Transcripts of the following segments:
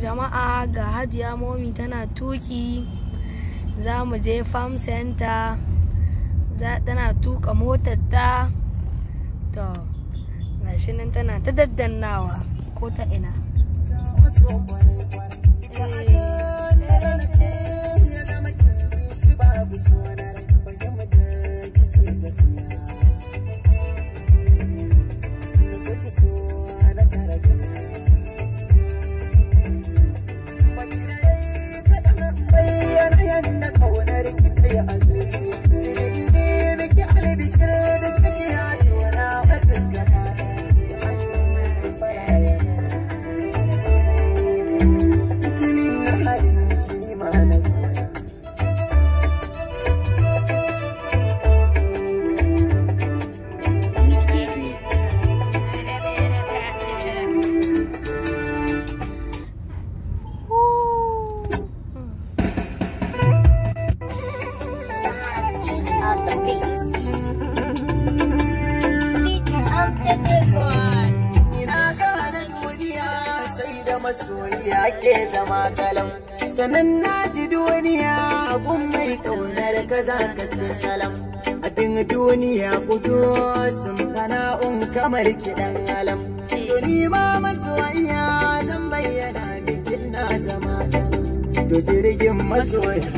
jama'a ga hajiya momi tana tuki za mu je farm center za tana tuka motar ta to gashi nan tana ta daddannawa ko ta ina eh. Eh. masoyi ake zama kalan sanan na ji duniya gun mai kaunar ka za ka ce salam abin duniya kudu sun fana'un kamar kiɗan alam duni ma masoya zan bayyana bikin na zama to jirgin masoya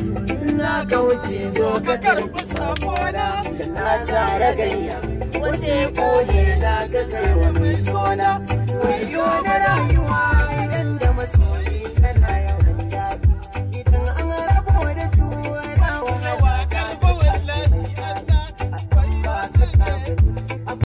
za ka wuce zo ka karɓi sakona na tare gayya wasu kone za ka kai wa mai sona